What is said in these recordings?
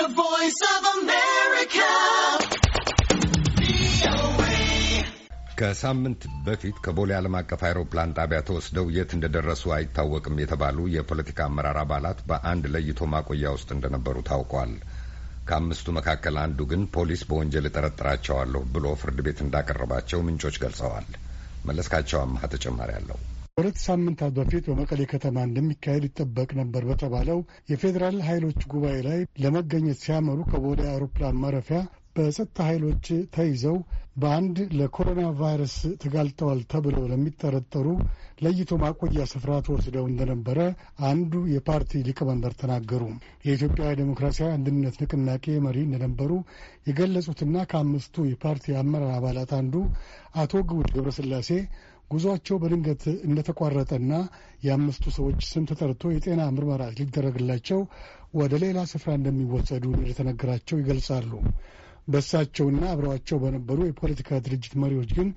The Voice of America. ከሳምንት በፊት ከቦሌ ዓለም አቀፍ አይሮፕላን ጣቢያ ተወስደው የት እንደደረሱ አይታወቅም የተባሉ የፖለቲካ አመራር አባላት በአንድ ለይቶ ማቆያ ውስጥ እንደነበሩ ታውቋል። ከአምስቱ መካከል አንዱ ግን ፖሊስ በወንጀል እጠረጥራቸዋለሁ ብሎ ፍርድ ቤት እንዳቀረባቸው ምንጮች ገልጸዋል። መለስካቸው አማሃ ተጨማሪ አለው። ከሁለት ሳምንታት በፊት በመቀሌ ከተማ እንደሚካሄድ ይጠበቅ ነበር በተባለው የፌዴራል ኃይሎች ጉባኤ ላይ ለመገኘት ሲያመሩ ከቦሌ አውሮፕላን ማረፊያ በጸጥታ ኃይሎች ተይዘው በአንድ ለኮሮና ቫይረስ ተጋልጠዋል ተብለው ለሚጠረጠሩ ለይቶ ማቆያ ስፍራ ተወስደው እንደነበረ አንዱ የፓርቲ ሊቀመንበር ተናገሩ። የኢትዮጵያ ዴሞክራሲያዊ አንድነት ንቅናቄ መሪ እንደነበሩ የገለጹትና ከአምስቱ የፓርቲ አመራር አባላት አንዱ አቶ ግውድ ገብረስላሴ ጉዟቸው በድንገት እንደተቋረጠና የአምስቱ ሰዎች ስም ተጠርቶ የጤና ምርመራ ሊደረግላቸው ወደ ሌላ ስፍራ እንደሚወሰዱ እንደተነገራቸው ይገልጻሉ። በእሳቸውና አብረዋቸው በነበሩ የፖለቲካ ድርጅት መሪዎች ግን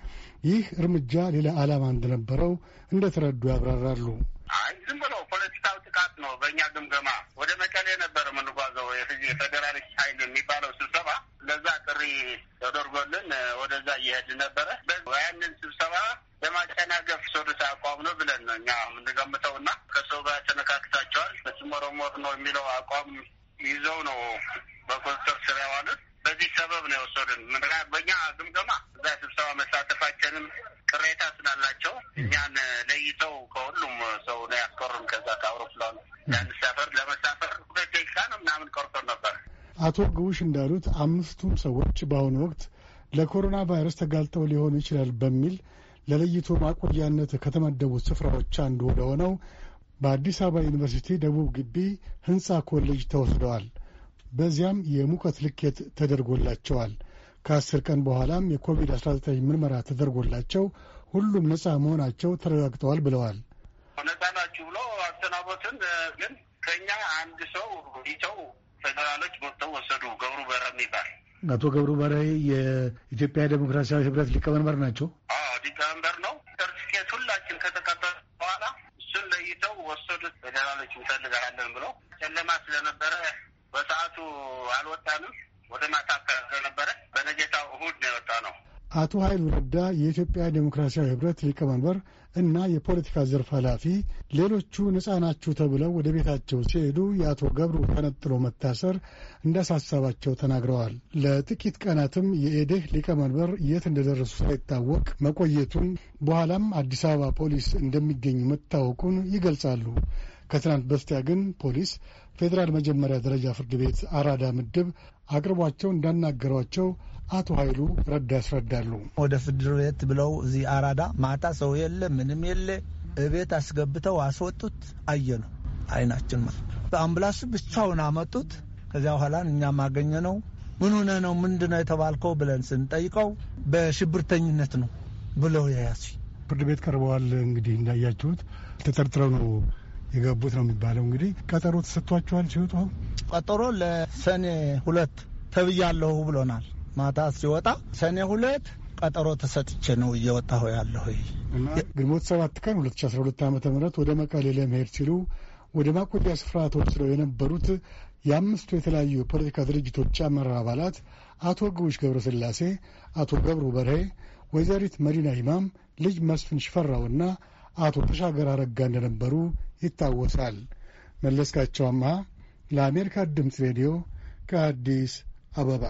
ይህ እርምጃ ሌላ ዓላማ እንደነበረው እንደተረዱ ያብራራሉ። አይ ዝም ብለው ፖለቲካው ጥቃት ነው። በእኛ ግምገማ ወደ መቀሌ ነበር የምንጓዘው። የፌዴራሊስት ኃይል የሚባለው ስብሰባ ለዛ ጥሪ ተደርጎልን ወደዛ እየሄድ ነበረ። ያንን ለማጨናገፍ ሰዱት አቋም ነው ብለን ነው እኛ የምንገምተው እና ከሰው ጋር ተነካክታቸዋል በስሞሮሞር ነው የሚለው አቋም ይዘው ነው በኮንሰርት ስር የዋሉት። በዚህ ሰበብ ነው የወሰዱን። በእኛ ግምገማ እዛ ስብሰባ መሳተፋችንም ቅሬታ ስላላቸው እኛን ለይተው ከሁሉም ሰው ነው ያስቆሩም። ከዛ ከአውሮፕላኑ ለንሳፈር ለመሳፈር ሁለት ደቂቃ ነው ምናምን ቆርጦ ነበር። አቶ ግቡሽ እንዳሉት አምስቱም ሰዎች በአሁኑ ወቅት ለኮሮና ቫይረስ ተጋልጠው ሊሆኑ ይችላል በሚል ለለይቶ ማቆያነት ከተመደቡት ስፍራዎች አንዱ ወደ ሆነው በአዲስ አበባ ዩኒቨርሲቲ ደቡብ ግቢ ህንፃ ኮሌጅ ተወስደዋል። በዚያም የሙቀት ልኬት ተደርጎላቸዋል። ከአስር ቀን በኋላም የኮቪድ-19 ምርመራ ተደርጎላቸው ሁሉም ነፃ መሆናቸው ተረጋግጠዋል ብለዋል። ነፃ ናችሁ ብሎ አሰናበትን። ግን ከኛ አንድ ሰው ይተው ፌደራሎች መጥተው ወሰዱ። ገብሩ በረ የሚባል አቶ ገብሩ በረ የኢትዮጵያ ዴሞክራሲያዊ ህብረት ሊቀመንበር ናቸው። ሊቀመንበር ነው። ሰርቲፊኬት ሁላችን ከተቀበል በኋላ እሱን ለይተው ወሰዱት። ፌደራሎች እንፈልጋለን ብለው ጨለማ ስለነበረ በሰዓቱ አልወጣንም። ወደ ማታ አቶ ኃይሉ ረዳ የኢትዮጵያ ዴሞክራሲያዊ ህብረት ሊቀመንበር እና የፖለቲካ ዘርፍ ኃላፊ፣ ሌሎቹ ነፃ ናችሁ ተብለው ወደ ቤታቸው ሲሄዱ የአቶ ገብሩ ተነጥሎ መታሰር እንዳሳሰባቸው ተናግረዋል። ለጥቂት ቀናትም የኢዴህ ሊቀመንበር የት እንደደረሱ ሳይታወቅ መቆየቱን በኋላም አዲስ አበባ ፖሊስ እንደሚገኙ መታወቁን ይገልጻሉ። ከትናንት በስቲያ ግን ፖሊስ ፌዴራል መጀመሪያ ደረጃ ፍርድ ቤት አራዳ ምድብ አቅርቧቸው እንዳናገሯቸው አቶ ኃይሉ ረዳ ያስረዳሉ። ወደ ፍርድ ቤት ብለው እዚህ አራዳ ማታ ሰው የለ ምንም የለ እቤት አስገብተው አስወጡት። አየኑ አይናችን ማለት ብቻውን አመጡት። ከዚያ በኋላ እኛም አገኘ ነው ምን ሆነ ነው ምንድነው የተባልከው ብለን ስንጠይቀው በሽብርተኝነት ነው ብለው የያዙ ፍርድ ቤት ቀርበዋል። እንግዲህ እንዳያችሁት ተጠርጥረው ነው የገቡት ነው የሚባለው። እንግዲህ ቀጠሮ ተሰጥቷቸዋል። ሲወጡ ቀጠሮ ለሰኔ ሁለት ተብያለሁ ብሎናል። ማታ ሲወጣ ሰኔ ሁለት ቀጠሮ ተሰጥቼ ነው እየወጣሁ ያለሁ። ግንቦት ሰባት ቀን 2012 ዓ ም ወደ መቀሌ ለመሄድ ሲሉ ወደ ማቆያ ስፍራ ተወስደው የነበሩት የአምስቱ የተለያዩ የፖለቲካ ድርጅቶች አመራር አባላት አቶ ግቡሽ ገብረስላሴ፣ አቶ ገብሩ በርሄ፣ ወይዘሪት መዲና ይማም፣ ልጅ መስፍን ሽፈራውና አቶ ተሻገር አረጋ እንደነበሩ ይታወሳል። መለስካቸው አማሃ ለአሜሪካ ድምፅ ሬዲዮ ከአዲስ አበባ